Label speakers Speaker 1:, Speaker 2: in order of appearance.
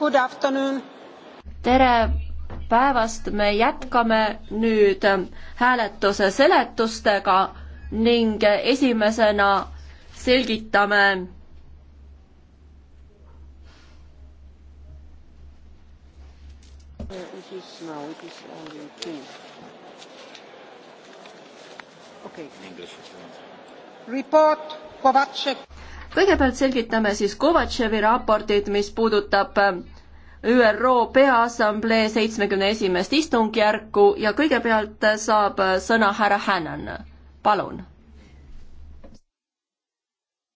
Speaker 1: Good afternoon. tere päevast, me jätkame nüüd hääletuse seletustega ning esimesena selgitame okay. Report Kovatšek kõigepealt selgitame siis Kovatševi raportit, mis puudutab äh, ÜRO Peaassamblee seitsmekümne esimest istungjärku ja kõigepealt saab äh, sõna härra Hännan, palun